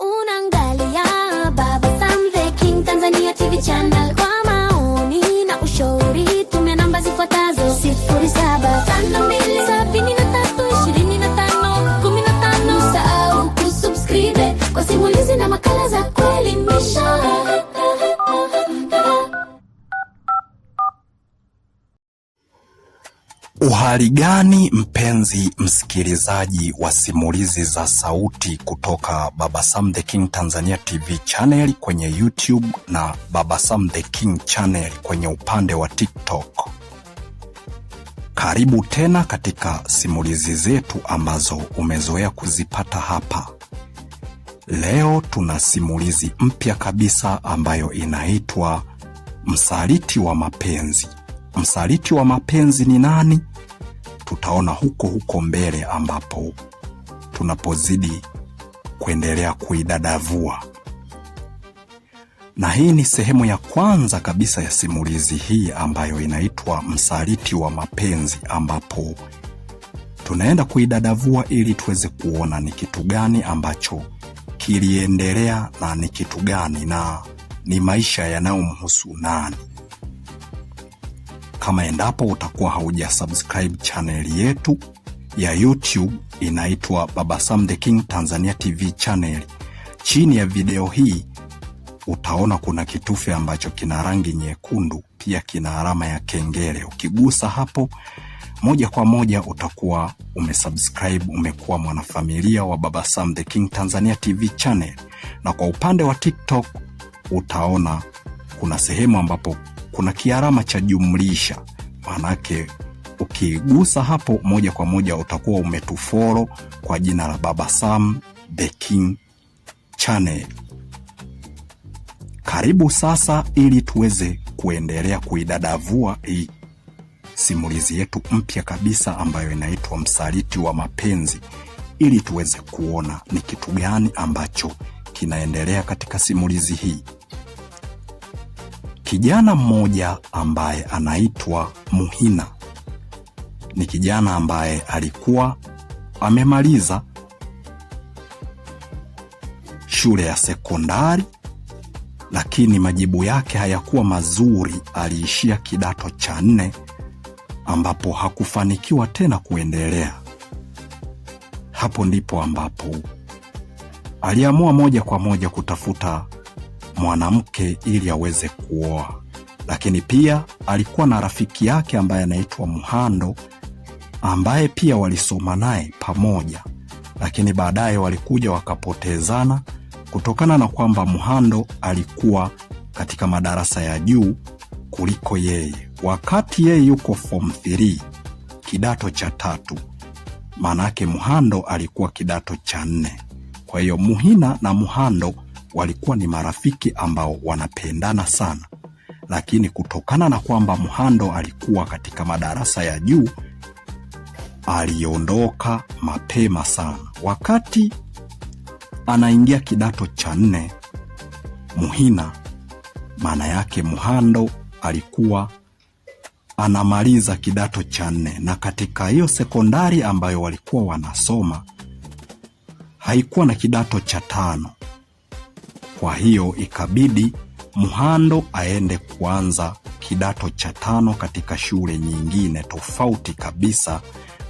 unang Uhali gani mpenzi msikilizaji wa simulizi za sauti kutoka Baba Sam the King Tanzania TV channel kwenye YouTube na Baba Sam the King channel kwenye upande wa TikTok. Karibu tena katika simulizi zetu ambazo umezoea kuzipata hapa. Leo tuna simulizi mpya kabisa ambayo inaitwa Msaliti wa Mapenzi. Msaliti wa mapenzi ni nani? tutaona huko huko mbele ambapo tunapozidi kuendelea kuidadavua. Na hii ni sehemu ya kwanza kabisa ya simulizi hii ambayo inaitwa Msaliti wa Mapenzi, ambapo tunaenda kuidadavua ili tuweze kuona ni kitu gani ambacho kiliendelea na ni kitu gani na ni maisha yanayomhusu nani kama endapo utakuwa haujasubscribe channel yetu ya YouTube inaitwa Baba Sam the King Tanzania TV channel. Chini ya video hii utaona kuna kitufe ambacho kina rangi nyekundu, pia kina alama ya kengele. Ukigusa hapo moja kwa moja utakuwa umesubscribe, umekuwa mwanafamilia wa Baba Sam the King Tanzania TV channel. Na kwa upande wa TikTok utaona kuna sehemu ambapo kuna kiarama cha jumlisha, maanake ukigusa hapo moja kwa moja utakuwa umetuforo kwa jina la Baba Sam The King Karibu sasa, ili tuweze kuendelea kuidadavua hii simulizi yetu mpya kabisa ambayo inaitwa Msaliti wa Mapenzi, ili tuweze kuona ni kitu gani ambacho kinaendelea katika simulizi hii kijana mmoja ambaye anaitwa Muhina. Ni kijana ambaye alikuwa amemaliza shule ya sekondari, lakini majibu yake hayakuwa mazuri. Aliishia kidato cha nne ambapo hakufanikiwa tena kuendelea. Hapo ndipo ambapo aliamua moja kwa moja kutafuta mwanamke ili aweze kuoa. Lakini pia alikuwa na rafiki yake ambaye anaitwa Muhando ambaye pia walisoma naye pamoja, lakini baadaye walikuja wakapotezana kutokana na kwamba Muhando alikuwa katika madarasa ya juu kuliko yeye. Wakati yeye yuko fom 3 kidato cha tatu, maanaake Muhando alikuwa kidato cha nne. Kwa hiyo Muhina na Muhando walikuwa ni marafiki ambao wanapendana sana, lakini kutokana na kwamba Mhando alikuwa katika madarasa ya juu aliondoka mapema sana. Wakati anaingia kidato cha nne, Muhina maana yake Muhando alikuwa anamaliza kidato cha nne, na katika hiyo sekondari ambayo walikuwa wanasoma haikuwa na kidato cha tano. Kwa hiyo ikabidi Mhando aende kuanza kidato cha tano katika shule nyingine tofauti kabisa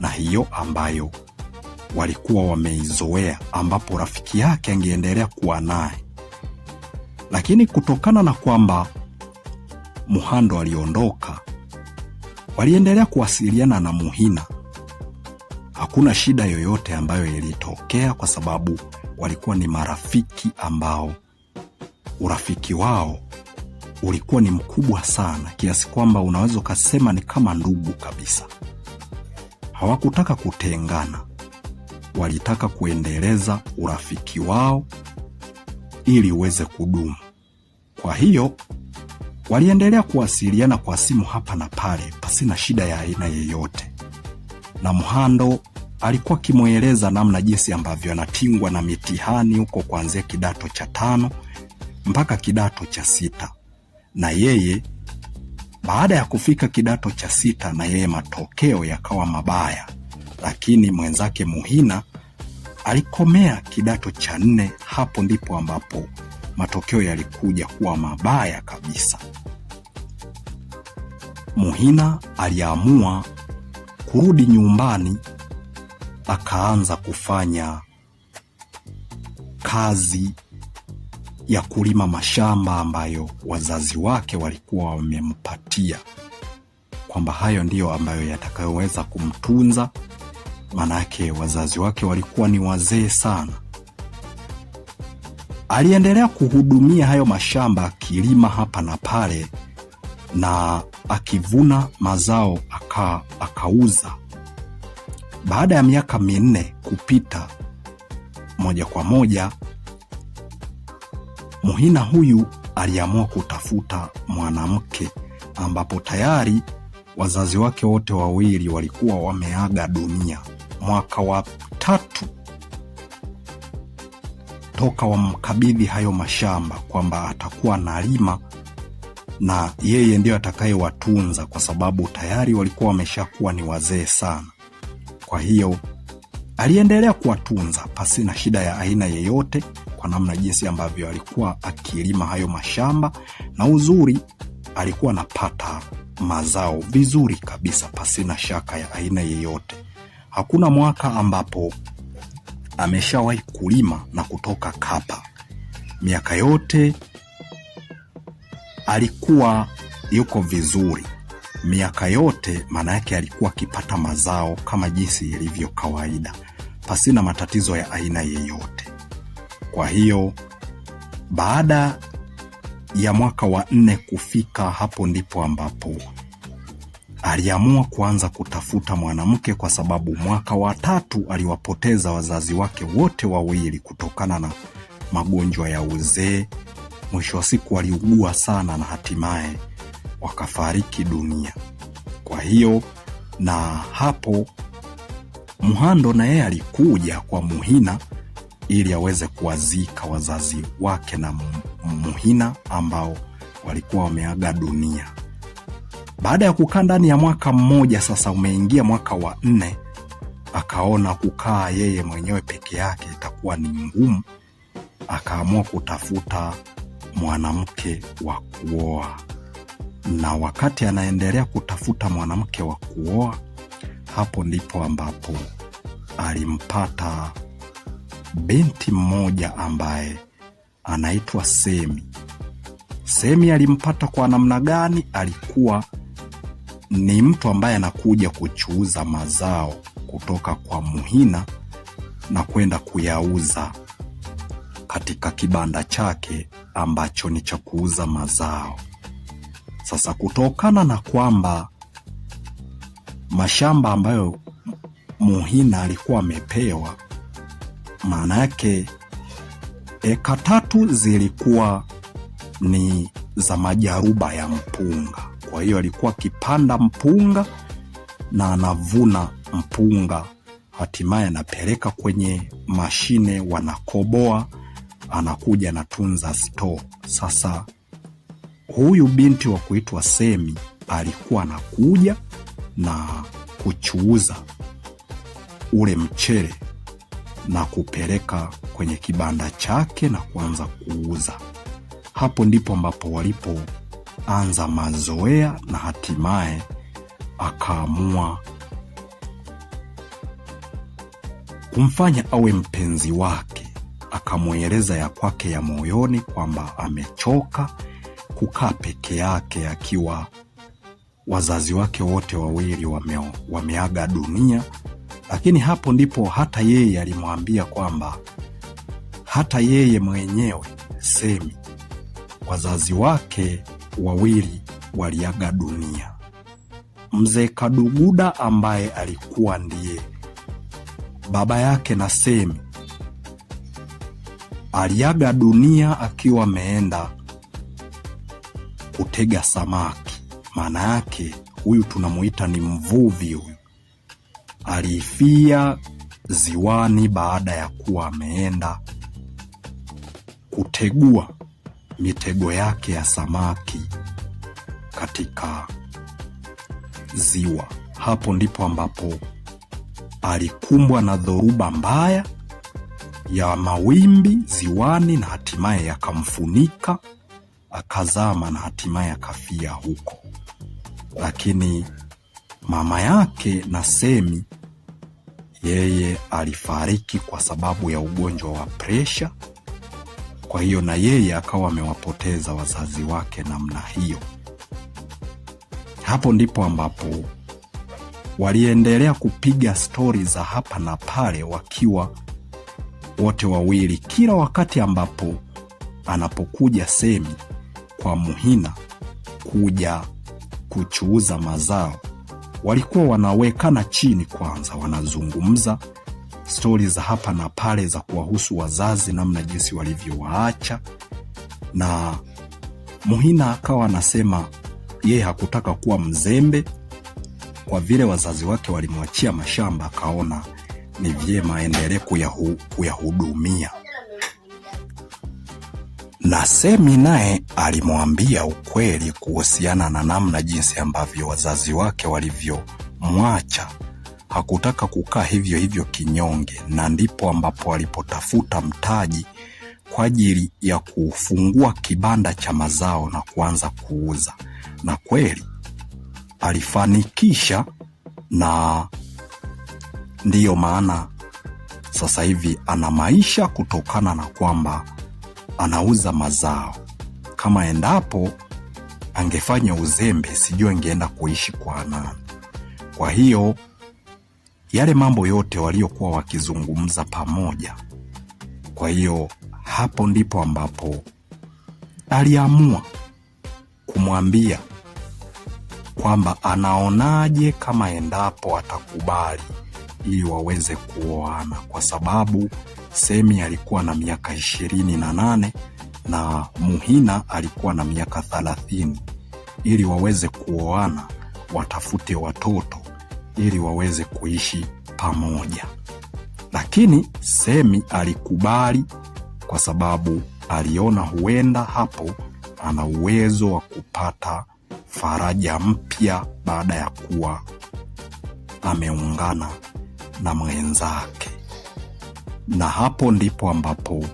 na hiyo ambayo walikuwa wameizoea, ambapo rafiki yake angeendelea kuwa naye. Lakini kutokana na kwamba muhando aliondoka, waliendelea kuwasiliana na Muhina. Hakuna shida yoyote ambayo ilitokea, kwa sababu walikuwa ni marafiki ambao urafiki wao ulikuwa ni mkubwa sana kiasi kwamba unaweza ukasema ni kama ndugu kabisa. Hawakutaka kutengana, walitaka kuendeleza urafiki wao ili uweze kudumu. Kwa hiyo waliendelea kuwasiliana kwa simu hapa na pale pasina shida ya aina yeyote, na Mhando alikuwa akimweleza namna jinsi ambavyo anatingwa na mitihani huko kuanzia kidato cha tano mpaka kidato cha sita, na yeye baada ya kufika kidato cha sita, na yeye matokeo yakawa mabaya, lakini mwenzake Muhina alikomea kidato cha nne. Hapo ndipo ambapo matokeo yalikuja kuwa mabaya kabisa. Muhina aliamua kurudi nyumbani, akaanza kufanya kazi ya kulima mashamba ambayo wazazi wake walikuwa wamempatia, kwamba hayo ndiyo ambayo yatakayoweza kumtunza. Manake wazazi wake walikuwa ni wazee sana. Aliendelea kuhudumia hayo mashamba, akilima hapa na pale na akivuna mazao aka, akauza. Baada ya miaka minne kupita, moja kwa moja Muhina huyu aliamua kutafuta mwanamke ambapo tayari wazazi wake wote wawili walikuwa wameaga dunia mwaka wa tatu toka wamkabidhi hayo mashamba kwamba atakuwa analima na yeye ndiyo atakayewatunza kwa sababu tayari walikuwa wameshakuwa ni wazee sana. Kwa hiyo aliendelea kuwatunza pasi na shida ya aina yeyote, kwa namna jinsi ambavyo alikuwa akilima hayo mashamba, na uzuri alikuwa anapata mazao vizuri kabisa, pasina shaka ya aina yeyote. Hakuna mwaka ambapo ameshawahi kulima na kutoka kapa. Miaka yote alikuwa yuko vizuri, miaka yote maana yake alikuwa akipata mazao kama jinsi ilivyo kawaida, pasina matatizo ya aina yeyote. Kwa hiyo baada ya mwaka wa nne kufika, hapo ndipo ambapo aliamua kuanza kutafuta mwanamke, kwa sababu mwaka wa tatu aliwapoteza wazazi wake wote wawili kutokana na magonjwa ya uzee. Mwisho wa siku waliugua sana na hatimaye wakafariki dunia. Kwa hiyo na hapo Muhando na yeye alikuja kwa Muhina ili aweze kuwazika wazazi wake na Muhina ambao walikuwa wameaga dunia. Baada ya kukaa ndani ya mwaka mmoja, sasa umeingia mwaka wa nne, akaona kukaa yeye mwenyewe peke yake itakuwa ni ngumu, akaamua kutafuta mwanamke wa kuoa. Na wakati anaendelea kutafuta mwanamke wa kuoa, hapo ndipo ambapo alimpata binti mmoja ambaye anaitwa Semi. Semi alimpata kwa namna gani? Alikuwa ni mtu ambaye anakuja kuchuuza mazao kutoka kwa Muhina na kwenda kuyauza katika kibanda chake ambacho ni cha kuuza mazao. Sasa kutokana na kwamba mashamba ambayo Muhina alikuwa amepewa maana yake eka tatu zilikuwa ni za majaruba ya mpunga. Kwa hiyo alikuwa akipanda mpunga na anavuna mpunga, hatimaye anapeleka kwenye mashine, wanakoboa, anakuja anatunza store. Sasa huyu binti wa kuitwa Semi alikuwa anakuja na kuchuuza ule mchele na kupeleka kwenye kibanda chake na kuanza kuuza. Hapo ndipo ambapo walipoanza mazoea na hatimaye akaamua kumfanya awe mpenzi wake. Akamweleza ya kwake ya moyoni kwamba amechoka kukaa peke yake akiwa wazazi wake wote wawili wameaga dunia lakini hapo ndipo hata yeye alimwambia kwamba hata yeye mwenyewe Semi, wazazi wake wawili waliaga dunia. Mzee Kaduguda ambaye alikuwa ndiye baba yake na Semi aliaga dunia akiwa ameenda kutega samaki. Maana yake huyu tunamuita ni mvuvi huyu. Aliifia ziwani baada ya kuwa ameenda kutegua mitego yake ya samaki katika ziwa. Hapo ndipo ambapo alikumbwa na dhoruba mbaya ya mawimbi ziwani, na hatimaye yakamfunika akazama, na hatimaye akafia huko. Lakini mama yake na semi yeye alifariki kwa sababu ya ugonjwa wa presha. Kwa hiyo na yeye akawa amewapoteza wazazi wake namna hiyo. Hapo ndipo ambapo waliendelea kupiga stori za hapa na pale, wakiwa wote wawili, kila wakati ambapo anapokuja Semi kwa Muhina kuja kuchuuza mazao walikuwa wanawekana chini kwanza, wanazungumza stori za hapa na pale za kuwahusu wazazi, namna jinsi walivyowaacha, na Muhina akawa anasema yeye hakutaka kuwa mzembe kwa vile wazazi wake walimwachia mashamba, akaona ni vyema aendelee kuyahu, kuyahudumia na Semi naye alimwambia ukweli kuhusiana na namna jinsi ambavyo wazazi wake walivyomwacha. Hakutaka kukaa hivyo hivyo kinyonge, na ndipo ambapo alipotafuta mtaji kwa ajili ya kufungua kibanda cha mazao na kuanza kuuza, na kweli alifanikisha, na ndiyo maana sasa hivi ana maisha kutokana na kwamba anauza mazao. Kama endapo angefanya uzembe, sijui angeenda kuishi kwa nani. Kwa hiyo yale mambo yote waliokuwa wakizungumza pamoja, kwa hiyo hapo ndipo ambapo aliamua kumwambia kwamba anaonaje kama endapo atakubali ili waweze kuoana, kwa sababu Semi alikuwa na miaka ishirini na nane na Muhina alikuwa na miaka thalathini ili waweze kuoana, watafute watoto ili waweze kuishi pamoja. Lakini Semi alikubali kwa sababu aliona huenda hapo ana uwezo wa kupata faraja mpya baada ya kuwa ameungana na mwenzake na hapo ndipo ambapo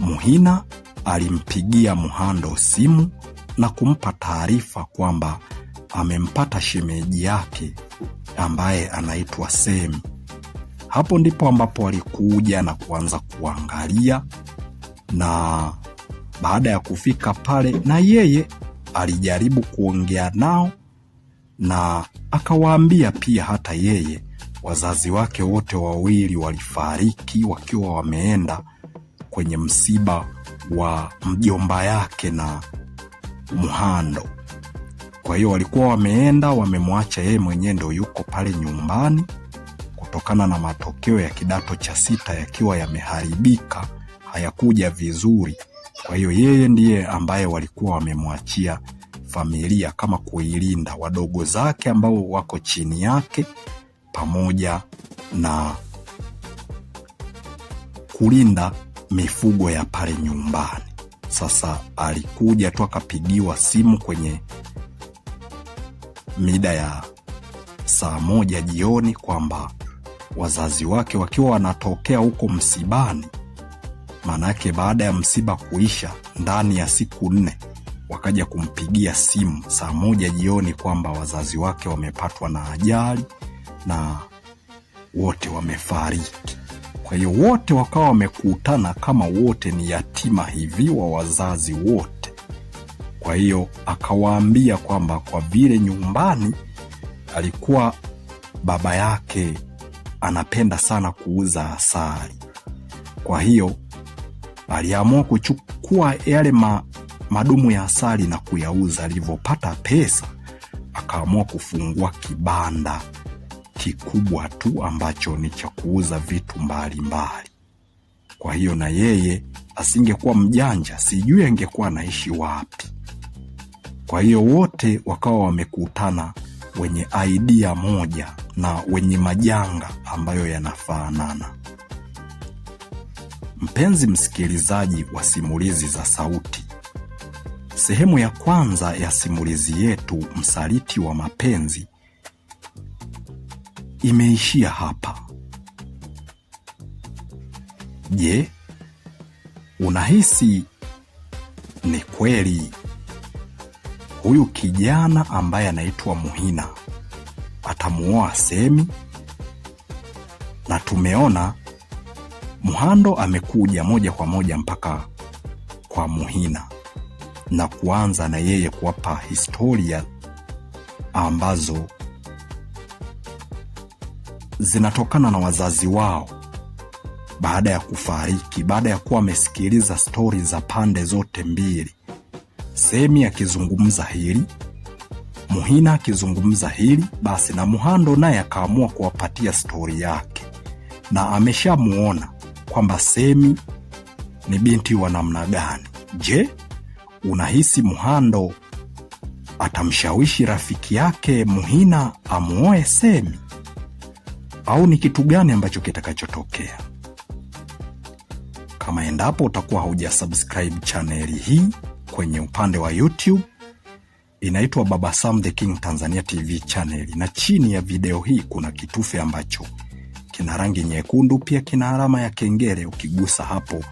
Muhina alimpigia Muhando simu na kumpa taarifa kwamba amempata shemeji yake ambaye anaitwa Semi. Hapo ndipo ambapo alikuja na kuanza kuangalia, na baada ya kufika pale, na yeye alijaribu kuongea nao na akawaambia pia hata yeye Wazazi wake wote wawili walifariki wakiwa wameenda kwenye msiba wa mjomba yake na Muhando. Kwa hiyo walikuwa wameenda wamemwacha yeye mwenyewe ndo yuko pale nyumbani, kutokana na matokeo ya kidato cha sita yakiwa yameharibika, hayakuja vizuri. Kwa hiyo yeye ndiye ambaye walikuwa wamemwachia familia kama kuilinda, wadogo zake ambao wako chini yake pamoja na kulinda mifugo ya pale nyumbani. Sasa alikuja tu akapigiwa simu kwenye mida ya saa moja jioni kwamba wazazi wake wakiwa wanatokea huko msibani, maanake baada ya msiba kuisha ndani ya siku nne wakaja kumpigia simu saa moja jioni kwamba wazazi wake wamepatwa na ajali na wote wamefariki. Kwa hiyo wote wakawa wamekutana kama wote ni yatima hivi wa wazazi wote. Kwa hiyo akawaambia kwamba kwa vile nyumbani alikuwa baba yake anapenda sana kuuza asali, kwa hiyo aliamua kuchukua yale ma, madumu ya asali na kuyauza. Alivyopata pesa, akaamua kufungua kibanda kikubwa tu ambacho ni cha kuuza vitu mbalimbali mbali. Kwa hiyo na yeye asingekuwa mjanja, sijui angekuwa anaishi wapi. Kwa hiyo wote wakawa wamekutana wenye idea moja na wenye majanga ambayo yanafanana. Mpenzi msikilizaji wa simulizi za sauti, sehemu ya kwanza ya simulizi yetu Msaliti wa Mapenzi imeishia hapa. Je, unahisi ni kweli huyu kijana ambaye anaitwa Muhina atamuoa Semi? Na tumeona Mhando amekuja moja kwa moja mpaka kwa Muhina na kuanza na yeye kuwapa historia ambazo zinatokana na wazazi wao baada ya kufariki, baada ya kuwa amesikiliza stori za pande zote mbili. Semi akizungumza hili, Muhina akizungumza hili, basi na Muhando naye akaamua kuwapatia stori yake, na ameshamuona kwamba Semi ni binti wa namna gani. Je, unahisi Muhando atamshawishi rafiki yake Muhina amuoe Semi? au ni kitu gani ambacho kitakachotokea kama endapo utakuwa haujasubscribe chaneli hii kwenye upande wa YouTube inaitwa Baba Sam the King Tanzania TV channel, na chini ya video hii kuna kitufe ambacho kina rangi nyekundu, pia kina alama ya kengele. Ukigusa hapo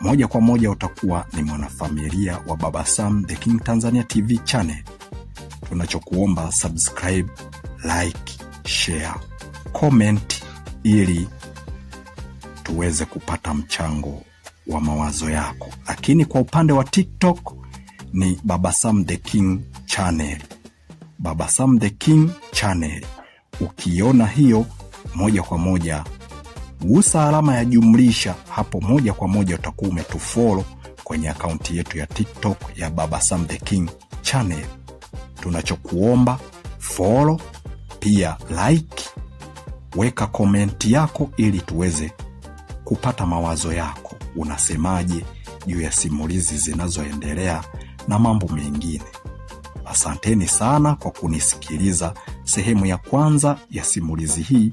moja kwa moja utakuwa ni mwanafamilia wa Baba Sam the King Tanzania TV channel. Tunachokuomba subscribe, like, share comment ili tuweze kupata mchango wa mawazo yako. Lakini kwa upande wa TikTok ni Baba Sam the King channel, Baba Sam the King channel. Ukiona hiyo moja kwa moja gusa alama ya jumlisha hapo, moja kwa moja utakuwa umetufolo kwenye akaunti yetu ya TikTok ya Baba Sam the King channel. Tunachokuomba folo, pia like weka komenti yako ili tuweze kupata mawazo yako. Unasemaje juu ya simulizi zinazoendelea na mambo mengine? Asanteni sana kwa kunisikiliza. Sehemu ya kwanza ya simulizi hii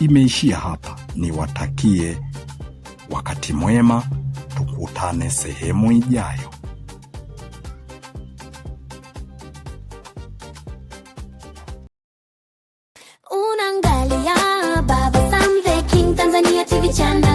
imeishia hapa. Niwatakie wakati mwema, tukutane sehemu ijayo. ¡Gracias!